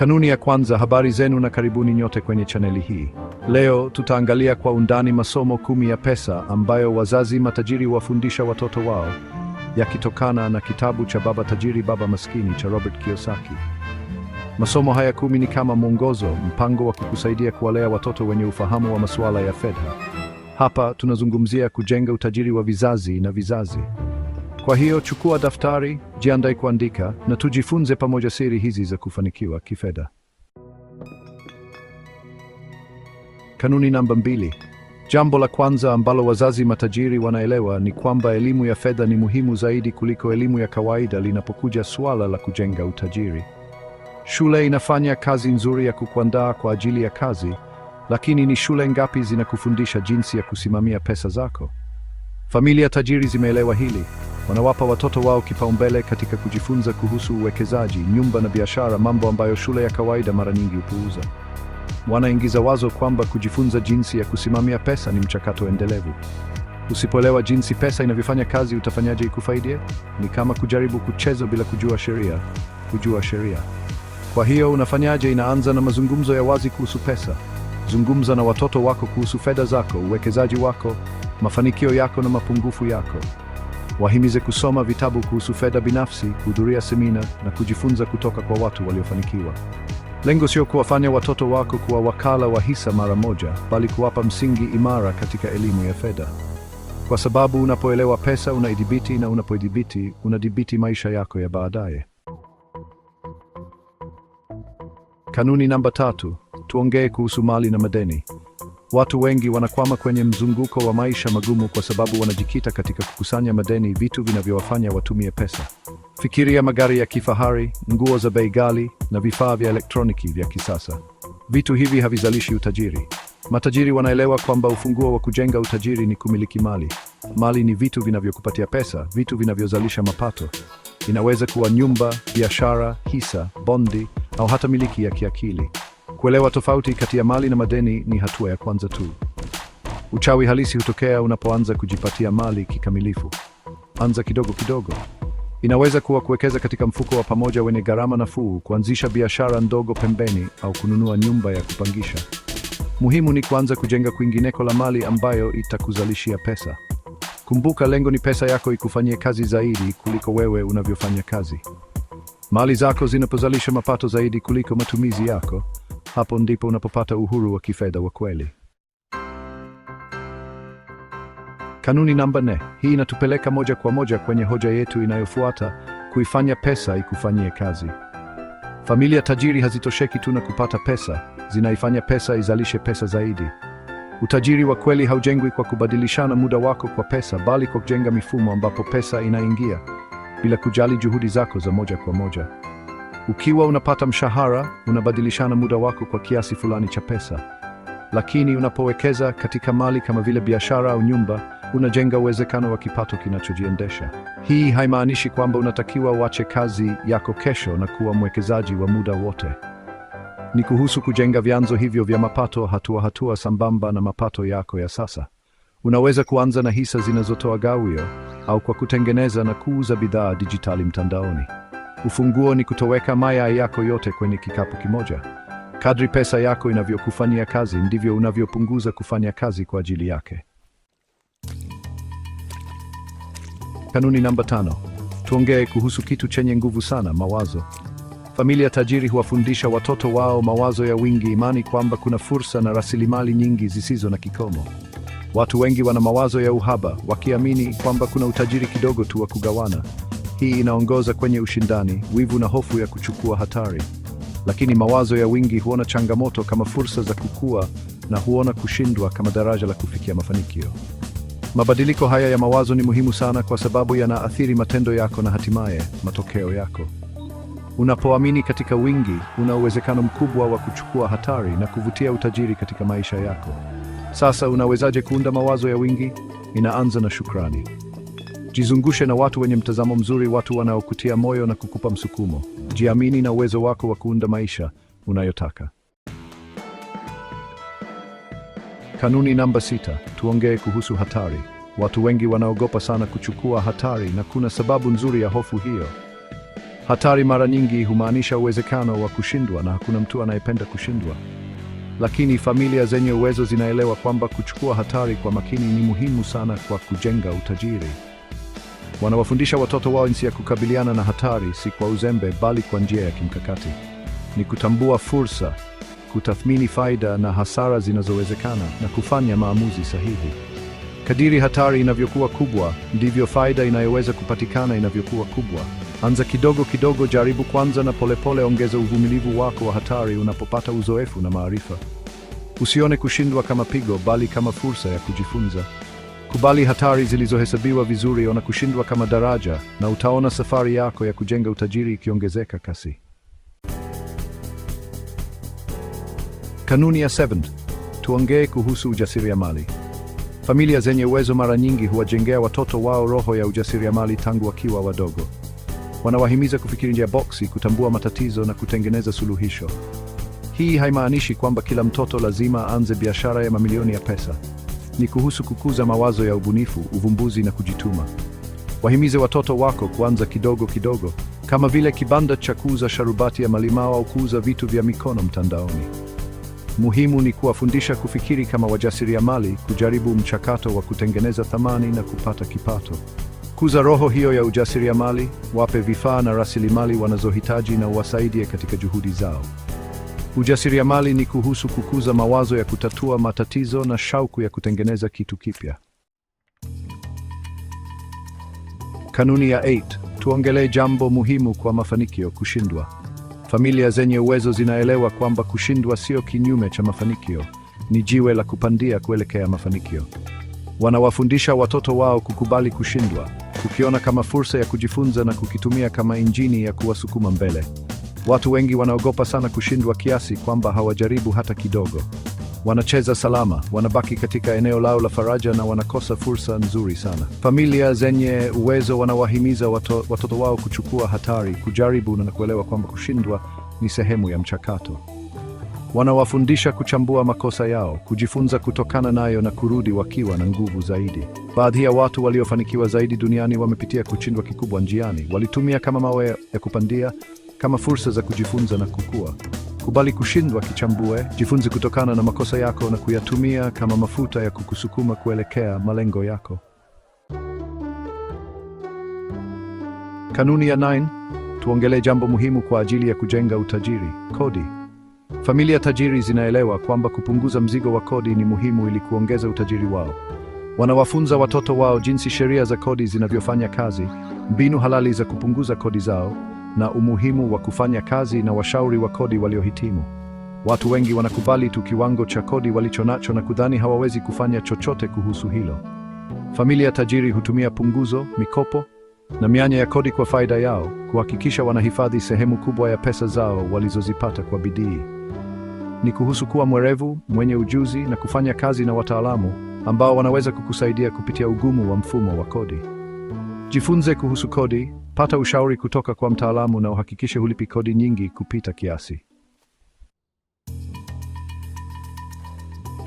Kanuni ya kwanza. Habari zenu na karibuni nyote kwenye chaneli hii. Leo tutaangalia kwa undani masomo kumi ya pesa ambayo wazazi matajiri wafundisha watoto wao, yakitokana na kitabu cha Baba Tajiri Baba Maskini cha Robert Kiyosaki. Masomo haya kumi ni kama mwongozo, mpango wa kukusaidia kuwalea watoto wenye ufahamu wa masuala ya fedha. Hapa tunazungumzia kujenga utajiri wa vizazi na vizazi. Kwa hiyo chukua daftari, jiandae kuandika, na tujifunze pamoja siri hizi za kufanikiwa kifedha. Kanuni namba mbili. Jambo la kwanza ambalo wazazi matajiri wanaelewa ni kwamba elimu ya fedha ni muhimu zaidi kuliko elimu ya kawaida linapokuja suala la kujenga utajiri. Shule inafanya kazi nzuri ya kukuandaa kwa ajili ya kazi, lakini ni shule ngapi zinakufundisha jinsi ya kusimamia pesa zako? Familia tajiri zimeelewa hili. Wanawapa watoto wao kipaumbele katika kujifunza kuhusu uwekezaji, nyumba na biashara, mambo ambayo shule ya kawaida mara nyingi hupuuza. Wanaingiza wazo kwamba kujifunza jinsi ya kusimamia pesa ni mchakato endelevu. Usipoelewa jinsi pesa inavyofanya kazi, utafanyaje ikufaidie? Ni kama kujaribu kucheza bila kujua sheria, kujua sheria. Kwa hiyo unafanyaje? Inaanza na mazungumzo ya wazi kuhusu pesa. Zungumza na watoto wako kuhusu fedha zako, uwekezaji wako, mafanikio yako na mapungufu yako. Wahimize kusoma vitabu kuhusu fedha binafsi, kuhudhuria semina na kujifunza kutoka kwa watu waliofanikiwa. Lengo sio kuwafanya watoto wako kuwa wakala wa hisa mara moja, bali kuwapa msingi imara katika elimu ya fedha, kwa sababu unapoelewa pesa unaidhibiti, na unapoidhibiti unadhibiti maisha yako ya baadaye. Kanuni namba tatu: tuongee kuhusu mali na madeni. Watu wengi wanakwama kwenye mzunguko wa maisha magumu kwa sababu wanajikita katika kukusanya madeni, vitu vinavyowafanya watumie pesa. Fikiria magari ya kifahari, nguo za bei ghali na vifaa vya elektroniki vya kisasa. Vitu hivi havizalishi utajiri. Matajiri wanaelewa kwamba ufunguo wa kujenga utajiri ni kumiliki mali. Mali ni vitu vinavyokupatia pesa, vitu vinavyozalisha mapato. Inaweza kuwa nyumba, biashara, hisa, bondi au hata miliki ya kiakili. Kuelewa tofauti kati ya mali na madeni ni hatua ya kwanza tu. Uchawi halisi hutokea unapoanza kujipatia mali kikamilifu. Anza kidogo kidogo. Inaweza kuwa kuwekeza katika mfuko wa pamoja wenye gharama nafuu, kuanzisha biashara ndogo pembeni, au kununua nyumba ya kupangisha. Muhimu ni kuanza kujenga kwingineko la mali ambayo itakuzalishia pesa. Kumbuka, lengo ni pesa yako ikufanyie kazi zaidi kuliko wewe unavyofanya kazi. Mali zako zinapozalisha mapato zaidi kuliko matumizi yako, hapo ndipo unapopata uhuru wa kifedha wa kweli. Kanuni namba nne. Hii inatupeleka moja kwa moja kwenye hoja yetu inayofuata, kuifanya pesa ikufanyie kazi. Familia tajiri hazitosheki tu na kupata pesa, zinaifanya pesa izalishe pesa zaidi. Utajiri wa kweli haujengwi kwa kubadilishana muda wako kwa pesa, bali kwa kujenga mifumo ambapo pesa inaingia bila kujali juhudi zako za moja kwa moja. Ukiwa unapata mshahara, unabadilishana muda wako kwa kiasi fulani cha pesa, lakini unapowekeza katika mali kama vile biashara au nyumba, unajenga uwezekano wa kipato kinachojiendesha. Hii haimaanishi kwamba unatakiwa uache kazi yako kesho na kuwa mwekezaji wa muda wote. Ni kuhusu kujenga vyanzo hivyo vya mapato hatua hatua, sambamba na mapato yako ya sasa. Unaweza kuanza na hisa zinazotoa gawio au kwa kutengeneza na kuuza bidhaa dijitali mtandaoni. Ufunguo ni kutoweka mayai yako yote kwenye kikapu kimoja. Kadri pesa yako inavyokufanyia kazi, ndivyo unavyopunguza kufanya kazi kwa ajili yake. Kanuni namba tano: tuongee kuhusu kitu chenye nguvu sana, mawazo. Familia tajiri huwafundisha watoto wao mawazo ya wingi, imani kwamba kuna fursa na rasilimali nyingi zisizo na kikomo. Watu wengi wana mawazo ya uhaba, wakiamini kwamba kuna utajiri kidogo tu wa kugawana. Hii inaongoza kwenye ushindani, wivu na hofu ya kuchukua hatari. Lakini mawazo ya wingi huona changamoto kama fursa za kukua na huona kushindwa kama daraja la kufikia mafanikio. Mabadiliko haya ya mawazo ni muhimu sana kwa sababu yanaathiri matendo yako na hatimaye matokeo yako. Unapoamini katika wingi, una uwezekano mkubwa wa kuchukua hatari na kuvutia utajiri katika maisha yako. Sasa unawezaje kuunda mawazo ya wingi? Inaanza na shukrani. Jizungushe na watu wenye mtazamo mzuri, watu wanaokutia moyo na kukupa msukumo. Jiamini na uwezo wako wa kuunda maisha unayotaka. Kanuni namba sita: tuongee kuhusu hatari. Watu wengi wanaogopa sana kuchukua hatari, na kuna sababu nzuri ya hofu hiyo. Hatari mara nyingi humaanisha uwezekano wa kushindwa, na hakuna mtu anayependa kushindwa. Lakini familia zenye uwezo zinaelewa kwamba kuchukua hatari kwa makini ni muhimu sana kwa kujenga utajiri. Wanawafundisha watoto wao jinsi ya kukabiliana na hatari, si kwa uzembe, bali kwa njia ya kimkakati. Ni kutambua fursa, kutathmini faida na hasara zinazowezekana, na kufanya maamuzi sahihi. Kadiri hatari inavyokuwa kubwa, ndivyo faida inayoweza kupatikana inavyokuwa kubwa. Anza kidogo kidogo, jaribu kwanza, na polepole ongeza uvumilivu wako wa hatari unapopata uzoefu na maarifa. Usione kushindwa kama pigo, bali kama fursa ya kujifunza. Kubali hatari zilizohesabiwa vizuri, ona kushindwa kama daraja, na utaona safari yako ya kujenga utajiri ikiongezeka kasi. Kanuni ya 7: tuongee kuhusu ujasiriamali. Familia zenye uwezo mara nyingi huwajengea watoto wao roho ya ujasiriamali tangu wakiwa wadogo. Wanawahimiza kufikiri nje ya boksi, kutambua matatizo na kutengeneza suluhisho. Hii haimaanishi kwamba kila mtoto lazima aanze biashara ya mamilioni ya pesa ni kuhusu kukuza mawazo ya ubunifu, uvumbuzi na kujituma. Wahimize watoto wako kuanza kidogo kidogo, kama vile kibanda cha kuuza sharubati ya malimao au kuuza vitu vya mikono mtandaoni. Muhimu ni kuwafundisha kufikiri kama wajasiriamali, kujaribu mchakato wa kutengeneza thamani na kupata kipato. Kuza roho hiyo ya ujasiriamali, wape vifaa na rasilimali wanazohitaji na uwasaidie katika juhudi zao. Ujasiriamali ni kuhusu kukuza mawazo ya kutatua matatizo na shauku ya kutengeneza kitu kipya. Kanuni ya 8: tuongelee jambo muhimu kwa mafanikio: kushindwa. Familia zenye uwezo zinaelewa kwamba kushindwa sio kinyume cha mafanikio, ni jiwe la kupandia kuelekea mafanikio. Wanawafundisha watoto wao kukubali kushindwa, kukiona kama fursa ya kujifunza na kukitumia kama injini ya kuwasukuma mbele. Watu wengi wanaogopa sana kushindwa kiasi kwamba hawajaribu hata kidogo. Wanacheza salama, wanabaki katika eneo lao la faraja na wanakosa fursa nzuri sana. Familia zenye uwezo wanawahimiza wato, watoto wao kuchukua hatari, kujaribu na kuelewa kwamba kushindwa ni sehemu ya mchakato. Wanawafundisha kuchambua makosa yao, kujifunza kutokana nayo na kurudi wakiwa na nguvu zaidi. Baadhi ya watu waliofanikiwa zaidi duniani wamepitia kushindwa kikubwa njiani, walitumia kama mawe ya kupandia kama fursa za kujifunza na kukua. Kubali kushindwa, kichambue, jifunze kutokana na makosa yako na kuyatumia kama mafuta ya kukusukuma kuelekea malengo yako. Kanuni ya 9, tuongelee jambo muhimu kwa ajili ya kujenga utajiri: kodi. Familia tajiri zinaelewa kwamba kupunguza mzigo wa kodi ni muhimu ili kuongeza utajiri wao. Wanawafunza watoto wao jinsi sheria za kodi zinavyofanya kazi, mbinu halali za kupunguza kodi zao na umuhimu wa kufanya kazi na washauri wa kodi waliohitimu. Watu wengi wanakubali tu kiwango cha kodi walichonacho na kudhani hawawezi kufanya chochote kuhusu hilo. Familia tajiri hutumia punguzo, mikopo na mianya ya kodi kwa faida yao, kuhakikisha wanahifadhi sehemu kubwa ya pesa zao walizozipata kwa bidii. Ni kuhusu kuwa mwerevu, mwenye ujuzi na kufanya kazi na wataalamu ambao wanaweza kukusaidia kupitia ugumu wa mfumo wa kodi. Jifunze kuhusu kodi, Pata ushauri kutoka kwa mtaalamu na uhakikishe hulipi kodi nyingi kupita kiasi.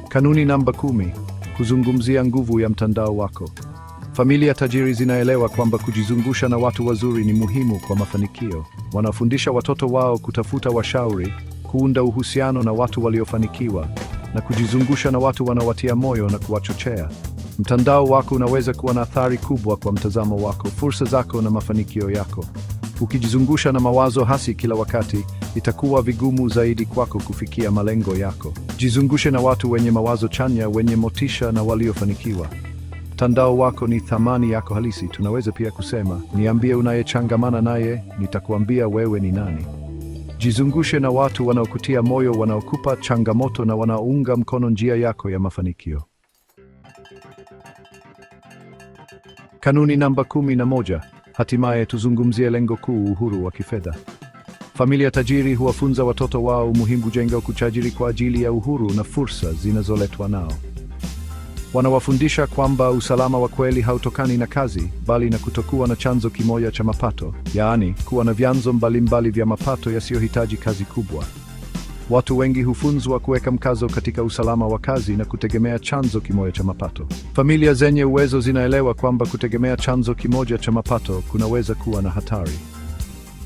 Kanuni namba kumi: kuzungumzia nguvu ya mtandao wako. Familia tajiri zinaelewa kwamba kujizungusha na watu wazuri ni muhimu kwa mafanikio. Wanafundisha watoto wao kutafuta washauri, kuunda uhusiano na watu waliofanikiwa, na kujizungusha na watu wanawatia moyo na kuwachochea. Mtandao wako unaweza kuwa na athari kubwa kwa mtazamo wako, fursa zako na mafanikio yako. Ukijizungusha na mawazo hasi kila wakati, itakuwa vigumu zaidi kwako kufikia malengo yako. Jizungushe na watu wenye mawazo chanya, wenye motisha na waliofanikiwa. Mtandao wako ni thamani yako halisi. Tunaweza pia kusema, niambie unayechangamana naye, nitakuambia wewe ni nani. Jizungushe na watu wanaokutia moyo, wanaokupa changamoto na wanaounga mkono njia yako ya mafanikio. Kanuni namba kumi na moja. Hatimaye tuzungumzie lengo kuu, uhuru wa kifedha. Familia tajiri huwafunza watoto wao umuhimu jenga kuchajiri kwa ajili ya uhuru na fursa zinazoletwa nao. Wanawafundisha kwamba usalama wa kweli hautokani na kazi, bali na kutokuwa na chanzo kimoja cha mapato, yaani kuwa na vyanzo mbalimbali vya mapato yasiyohitaji kazi kubwa. Watu wengi hufunzwa kuweka mkazo katika usalama wa kazi na kutegemea chanzo kimoja cha mapato. Familia zenye uwezo zinaelewa kwamba kutegemea chanzo kimoja cha mapato kunaweza kuwa na hatari.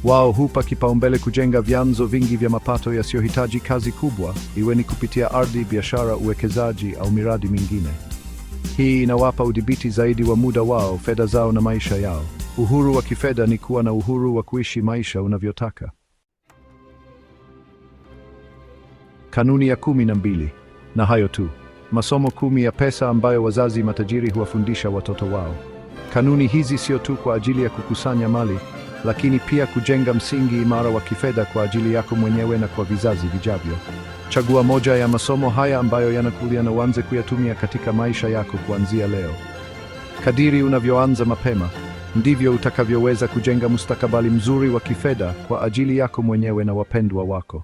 Wao hupa kipaumbele kujenga vyanzo vingi vya mapato yasiyohitaji kazi kubwa, iwe ni kupitia ardhi, biashara, uwekezaji au miradi mingine. Hii inawapa udhibiti zaidi wa muda wao, fedha zao na maisha yao. Uhuru wa kifedha ni kuwa na uhuru wa kuishi maisha unavyotaka. Kanuni ya kumi na mbili. Na hayo tu masomo kumi ya pesa ambayo wazazi matajiri huwafundisha watoto wao. Kanuni hizi sio tu kwa ajili ya kukusanya mali, lakini pia kujenga msingi imara wa kifedha kwa ajili yako mwenyewe na kwa vizazi vijavyo. Chagua moja ya masomo haya ambayo yanakulia na uanze kuyatumia katika maisha yako kuanzia leo. Kadiri unavyoanza mapema, ndivyo utakavyoweza kujenga mustakabali mzuri wa kifedha kwa ajili yako mwenyewe na wapendwa wako.